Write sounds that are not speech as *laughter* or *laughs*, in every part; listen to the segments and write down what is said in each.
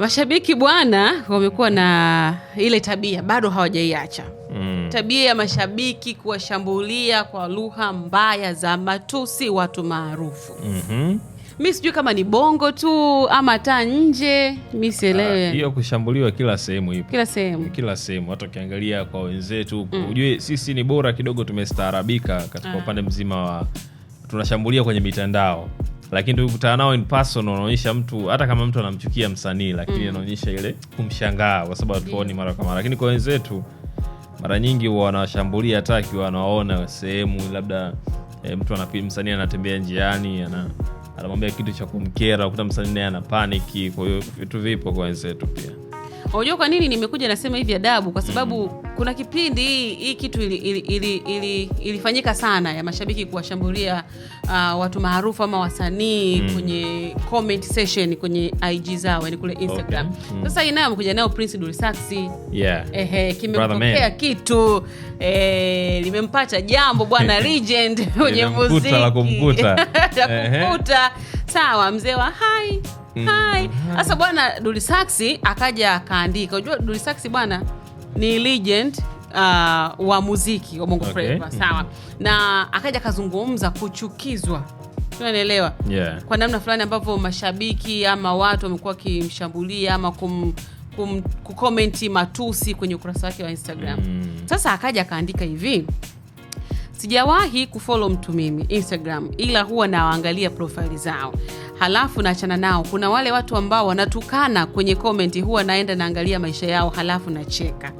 Mashabiki bwana, wamekuwa na ile tabia, bado hawajaiacha mm. tabia ya mashabiki kuwashambulia kwa lugha mbaya za matusi watu maarufu mm -hmm. Mi sijui kama ni bongo tu ama hata nje, mi sielewe. Ah, hiyo kushambuliwa kila sehemu ipo, kila sehemu, kila sehemu. Hata ukiangalia kwa wenzetu mm. sisi ni bora kidogo, tumestaarabika katika ah. upande mzima wa tunashambulia kwenye mitandao lakini tukikutana nao in person unaonyesha mtu, hata kama mtu anamchukia msanii, lakini anaonyesha mm. ile kumshangaa kwa sababu hatuoni mara kwa mara, lakini kwa wenzetu mara nyingi huwa wanawashambulia hata akiwa wanawaona sehemu labda e, mtu anapi, msanii anatembea njiani ana anamwambia kitu cha kumkera, kuta msanii naye ana paniki. Kwa hiyo vitu vipo kwa wenzetu pia. Unajua kwa nini nimekuja nasema hivi adabu? Kwa sababu mm. kuna kipindi hii kitu ili, ili, ili, ili, ilifanyika sana ya mashabiki kuwashambulia uh, watu maarufu ama wasanii mm. kwenye comment session kwenye IG zao yani kule Instagram. Okay. Mm. Sasa inayo amekuja nayo Prince Dulisaxi. Yeah. Ehe, kimepokea kitu eh, limempata jambo bwana *laughs* legend kwenye muziki. Kumkuta *laughs* kumkuta. Sawa mzee wa hai Mm. Hai. Sasa mm-hmm. bwana dulisaksi akaja akaandika. Unajua dulisaksi bwana ni legend uh, wa muziki wa Bongo okay. Flava mm. sawa. Na akaja akazungumza kuchukizwa naelewa yeah. Kwa namna fulani ambavyo mashabiki ama watu wamekuwa wakimshambulia ama kum, kukomenti matusi kwenye ukurasa wake wa Instagram mm. Sasa akaja akaandika hivi Sijawahi kufolo mtu mimi Instagram, ila huwa nawaangalia profaili zao halafu naachana nao. Kuna wale watu ambao wanatukana kwenye komenti, huwa naenda naangalia maisha yao halafu nacheka.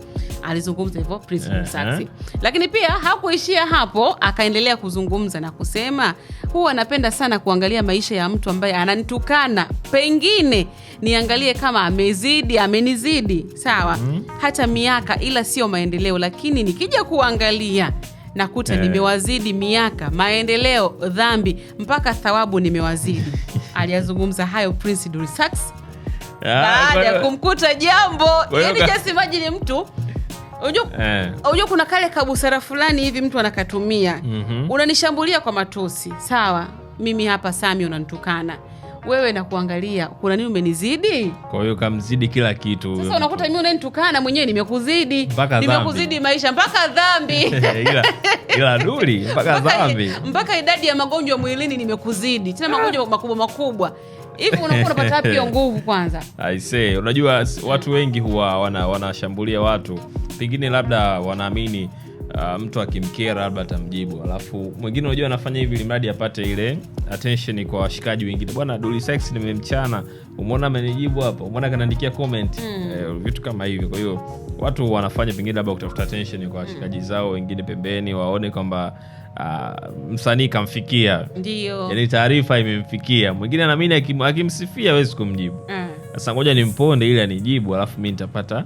Alizungumza hivyo Prince Msaki, lakini pia hakuishia hapo, akaendelea kuzungumza na kusema, huwa anapenda sana kuangalia maisha ya mtu ambaye ananitukana, pengine niangalie kama amezidi, amenizidi, sawa mm -hmm. hata miaka, ila sio maendeleo, lakini nikija kuangalia nakuta yeah. nimewazidi miaka, maendeleo, dhambi mpaka thawabu nimewazidi *laughs* aliyazungumza hayo Prince Dulsax baada ya kumkuta jambo. Yani ni mtu unajua eh, kuna kale kabusara fulani hivi mtu anakatumia mm -hmm. Unanishambulia kwa matusi sawa, mimi hapa Sami unanitukana wewe na kuangalia kuna nini umenizidi? Kwa hiyo kamzidi kila kitu. Sasa unakuta mimi unanitukana mwenyewe, nimekuzidi nimekuzidi maisha mpaka dhambi *laughs* ila, ila duli mpaka dhambi mpaka idadi ya magonjwa mwilini nimekuzidi, tena magonjwa makubwa makubwa hivi unakuwa unapata wapi hiyo nguvu kwanza? I say, unajua watu wengi huwa wanashambulia wana watu pengine labda wanaamini uh, mtu akimkera labda atamjibu, alafu mwingine unajua anafanya hivi limradi apate ile attention kwa washikaji wengine. Bwana Dully Sykes nimemchana, umeona amenijibu hapa, umeona kanaandikia comment mm. Eh, vitu kama hivyo. Kwa hiyo watu wanafanya pengine labda kutafuta attention kwa hmm. washikaji mm. zao wengine pembeni, waone kwamba Uh, msanii kamfikia, ndio yani taarifa imemfikia. Mwingine anaamini akimsifia hawezi kumjibu. Hmm. Sasa uh, ngoja nimponde ili anijibu, alafu mi nitapata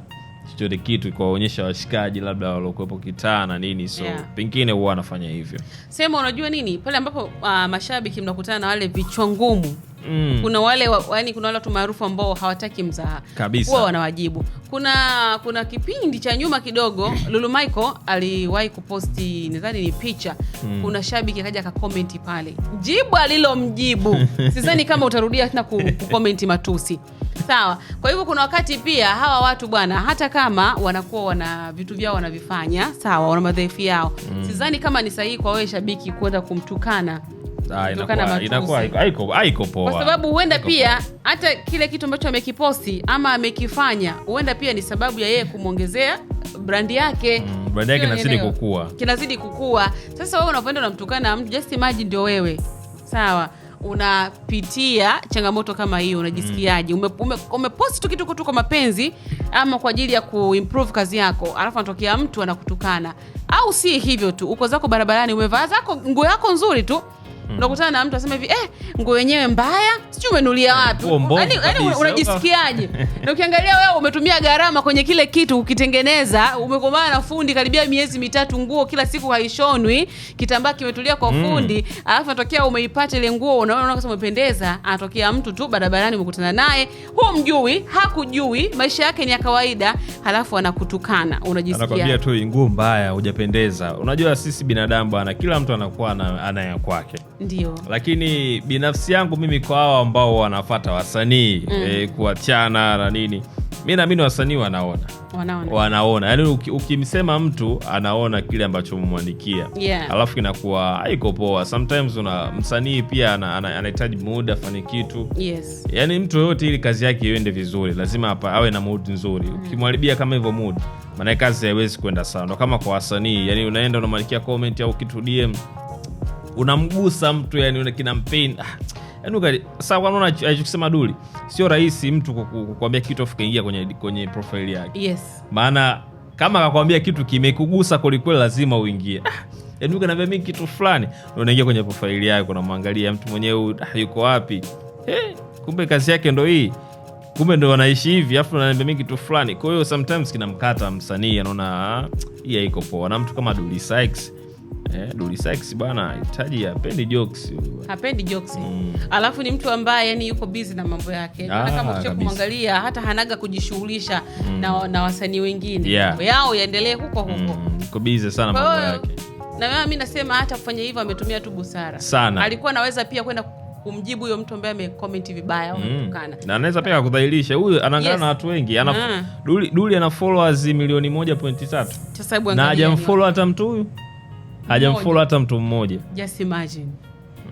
chochote kitu kuwaonyesha washikaji labda waliokuwepo kitaa na nini, so yeah. Pengine huwa anafanya hivyo sema, unajua nini pale ambapo uh, mashabiki mnakutana na wale vichwa ngumu mm. kuna wale yani kuna wale watu maarufu ambao hawataki mzaha huwa wanawajibu kuna kuna kipindi cha nyuma kidogo lulu mico aliwahi kuposti nadhani ni picha mm. kuna shabiki akaja akakomenti pale jibu alilomjibu *laughs* sizani kama utarudia tena kukomenti matusi sawa kwa hivyo kuna wakati pia hawa watu bwana hata kama wanakuwa wana vitu vyao wanavifanya sawa wana madhaifu yao mm. sizani kama ni sahihi kwa wewe shabiki kuweza kumtukana Ah, haiko poa, kwa sababu huenda pia hata kile kitu ambacho amekiposti ama amekifanya huenda pia ni sababu ya yeye kumwongezea brandi yake mm, brandi yake kinazidi kukua, kinazidi kukua. Sasa wewe unavyoenda unamtukana mtu, just imagine ndio wewe sawa unapitia changamoto kama hiyo, unajisikiaje? mm. Umeposti ume, ume tu kitu kutu kwa mapenzi ama kwa ajili ya kuimprove kazi yako, alafu anatokea mtu anakutukana, au si hivyo tu, uko zako barabarani, umevaa zako nguo yako nzuri tu Mm. unakutana na mtu asema hivi eh, nguo yenyewe mbaya, sijui umenulia eh, watu, yani yaani unajisikiaje? *laughs* na ukiangalia wewe umetumia gharama kwenye kile kitu ukitengeneza, umekomana na fundi karibia miezi mitatu, nguo kila siku haishonwi, kitambaa kimetulia kwa mm. fundi mm. alafu natokea umeipata ile nguo, unaona unaona kama umependeza, anatokea mtu tu barabarani, umekutana naye, mjui, hakujui, maisha yake ni ya kawaida, halafu anakutukana, unajisikia anakwambia tu nguo mbaya, hujapendeza. Unajua sisi binadamu bwana, kila mtu anakuwa ana, ana ya kwake. Ndiyo. Lakini binafsi yangu mimi kwa hao ambao wanafata wasanii mm. eh, kuachana na nini, mi naamini wasanii wanaona wanaona, wanaona. Yaani ukimsema mtu anaona kile ambacho umemwandikia yeah. Alafu inakuwa haiko poa. Sometimes una msanii pia anahitaji muda afanye kitu yes. Yaani mtu yoyote ili kazi yake iende vizuri lazima hapa awe na mood nzuri mm. Ukimharibia kama hivyo mood, maana kazi haiwezi kwenda sawa. Ndo kama kwa wasanii, yaani unaenda unamwandikia comment au kitu DM unamgusa mtu yani kina mpain ah, kusema duli sio rahisi mtu kukuambia kitu afu kaingia kwenye, kwenye profile yake yes. Maana kama akakwambia kitu kimekugusa kwelikweli, lazima uingie ah, kanaambia mi kitu fulani, unaingia kwenye profaili yake, unamwangalia mtu mwenyewe ah, yuko wapi? Hey, eh, kumbe kazi yake ndo hii, kumbe ndo wanaishi hivi, afu naambia mi kitu fulani. Kwa hiyo sometimes kinamkata msanii, anaona hii haiko poa, na mtu kama duli Sykes Eh, Dully Sykes bwana hitaji hapendi jokes. Hapendi jokes. Mm. Alafu ni mtu ambaye yani yuko busy na mambo yake. Ah, kama kisha kumwangalia hata hanaga kujishughulisha mm. na, na wasanii wengine. Yeah. Yao yaendelee huko huko. Mm. Yuko busy sana mambo yake. Na mimi mimi nasema hata kufanya hivyo ametumia tu busara. Sana. Alikuwa anaweza pia kwenda kumjibu huyo mtu ambaye amecomment vibaya au kumtukana. Mm. Na anaweza pia kudhalilisha. Huyu anaangana yes. na watu wengi. Ana ah. duli, duli ana followers milioni 1.3. Na hajamfollow hata mtu huyu hajamfollow hata mtu mmoja. Just imagine.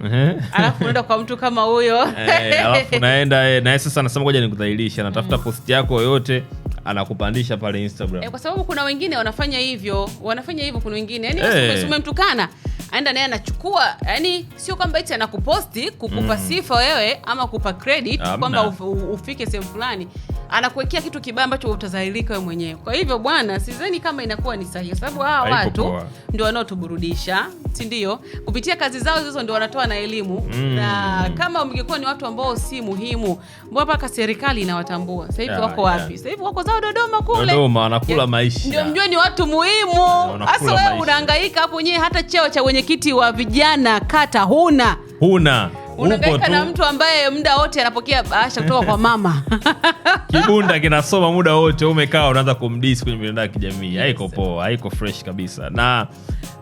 *laughs* Alafu unaenda kwa mtu kama huyo. *laughs* Eh, alafu naenda eh, naye sasa anasema ngoja nikudhalilisha, anatafuta mm. post yako yoyote anakupandisha pale Instagram. Eh, kwa sababu kuna wengine wanafanya hivyo, wanafanya hivyo kuna wengine. Yaani hey. Eh. Umemtukana aenda naye anachukua, yani sio kwamba eti anakuposti kukupa mm. sifa wewe ama kupa credit kwamba ufike sehemu fulani anakuwekea kitu kibaya ambacho utazahirika wewe mwenyewe. Kwa hivyo bwana, sidhani kama inakuwa ni sahihi, kwa sababu hawa watu ndio wanaotuburudisha, sindio Kupitia kazi zao zizo ndio wanatoa na elimu mm. na kama mngekuwa ni watu ambao si muhimu, mbao mpaka serikali inawatambua sahivi yeah, wako wapi? yeah. sahivi wako zao Dodoma kule, Dodoma anakula maisha, ndio mjue ni watu muhimu. Hasa wewe unaangaika hapo nyewe, hata cheo cha mwenyekiti wa vijana kata huna huna unaangaika na mtu ambaye muda wote anapokea bahasha kutoka kwa mama *laughs* kibunda kinasoma muda wote, umekaa unaanza kumdisi kwenye mitandao ya kijamii. Haiko poa, haiko fresh kabisa. Na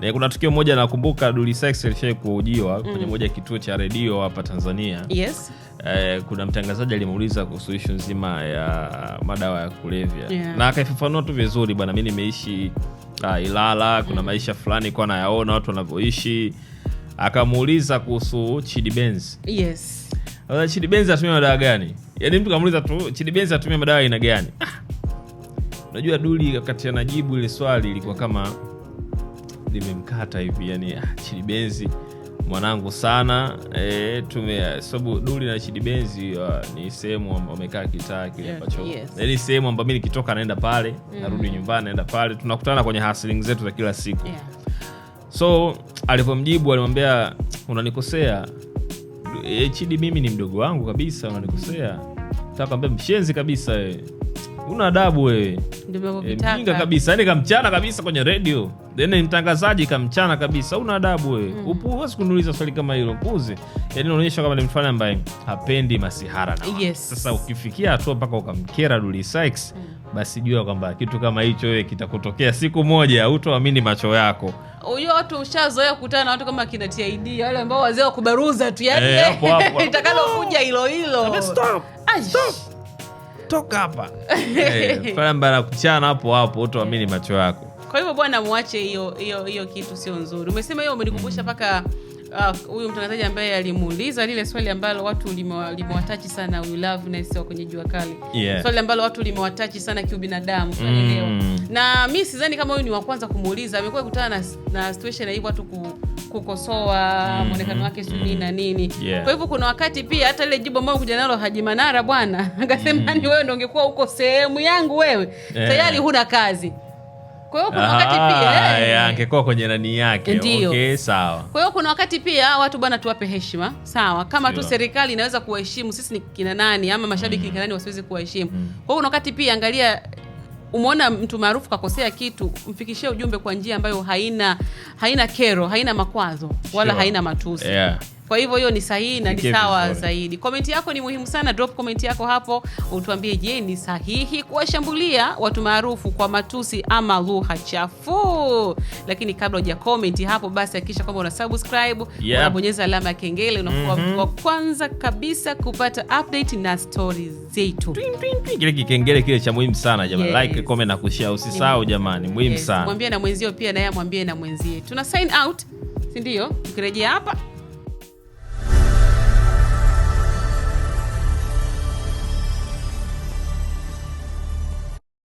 ne, kuna tukio moja nakumbuka, Dullysex kuujiwa mm. kwenye moja kituo cha redio hapa Tanzania. Yes. Eh, kuna mtangazaji alimuuliza kuhusu ishu nzima ya madawa ya kulevya yeah. na akaifafanua tu vizuri, bwana, mi nimeishi uh, Ilala kuna maisha fulani kwa anayaona watu wanavyoishi, akamuuliza kuhusu Chidi Benz. Yes. Uh, Chidi Benz atumia madawa gani? Yaani mtu kamuuliza tu Chidi Benz atumia madawa aina gani? Ah. Unajua Duli wakati anajibu ile swali ilikuwa kama limemkata hivi, yani ah, Chidi Benz mwanangu sana eh, tume sababu Duli na Chidi Benzi uh, ni sehemu wamekaa kitaa kile ambacho yes. ni yaani sehemu ambayo mi nikitoka naenda pale mm. narudi nyumbani naenda pale tunakutana kwenye hustling zetu za kila siku yeah. so alivyomjibu alimwambia unanikosea Chidi, mimi ni mdogo wangu kabisa, unanikosea. Takwambia mshenzi kabisa eh una adabu wewe. E, kabisa yani kamchana kabisa kwenye redio then mtangazaji kamchana kabisa, una adabu wewe mm. Huwezi kuniuliza swali kama hilo puzi, yani unaonyesha kama ni mfani ambaye hapendi masihara na yes. Sasa ukifikia hatua mpaka ukamkera duli Sykes mm. Basi jua kwamba kitu kama hicho wewe kitakutokea siku moja, utoamini macho yako. Unajua watu ushazoea kukutana na watu kama kina TID wale ambao wazee wa kubaruza tu, yani eh, *laughs* itakalokuja hilo hilo. Stop. Stop toka hapa *laughs* eh, barabara ya kuchana hapo hapo, utoamini eh. macho yako. Kwa hivyo bwana, mwache hiyo hiyo hiyo kitu sio nzuri. Umesema hiyo, umenikumbusha mpaka uh, huyu uh, mtangazaji ambaye alimuuliza lile swali ambalo watu limewatachi sana huyu Loveness wa kwenye jua kali yeah. Swali ambalo watu limewatachi sana kiubinadamu mm. Na mi sidhani kama huyu ni wa kwanza kumuuliza, amekuwa kutana na, na situation hii watu ku kukosoa mhm. mwonekano wake sijui na nini yeah. Kwa hivyo kuna wakati pia hata ile jibu ambayo kuja nalo Haji Manara bwana *laughs* akasema mhm. ni wewe ndo ungekuwa uko sehemu yangu wewe yeah. tayari huna kazi eh. angekuwa kwenye nani yake. ndio Okay, sawa. Kwa hiyo kuna wakati pia watu bwana, tuwape heshima sawa, kama tu serikali inaweza kuwaheshimu sisi ni kina nani, ama mashabiki mm. kina nani wasiwezi kuwaheshimu mm. kwa hiyo kuna wakati pia angalia umeona mtu maarufu kakosea kitu, mfikishie ujumbe kwa njia ambayo haina haina kero, haina makwazo wala sure. haina matusi yeah. Kwa hivyo hiyo ni sahihi na ni sawa zaidi. Komenti yako ni muhimu sana, drop komenti yako hapo utuambie, je, ni sahihi kuwashambulia watu maarufu kwa matusi ama lugha chafu? Lakini kabla uja komenti hapo, basi hakikisha kwamba una subscribe, unabonyeza alama ya kengele, unakuwa -hmm. wa kwanza kabisa kupata update na stories zetu. Kile kikengele kile cha muhimu sana jamani, yes. Like, comment na kushare, usisahau jamani, muhimu yes. sana. Mwambie na mwenzio pia, naye amwambie na mwenzie. Tuna sign out, si ndio? Tukirejea hapa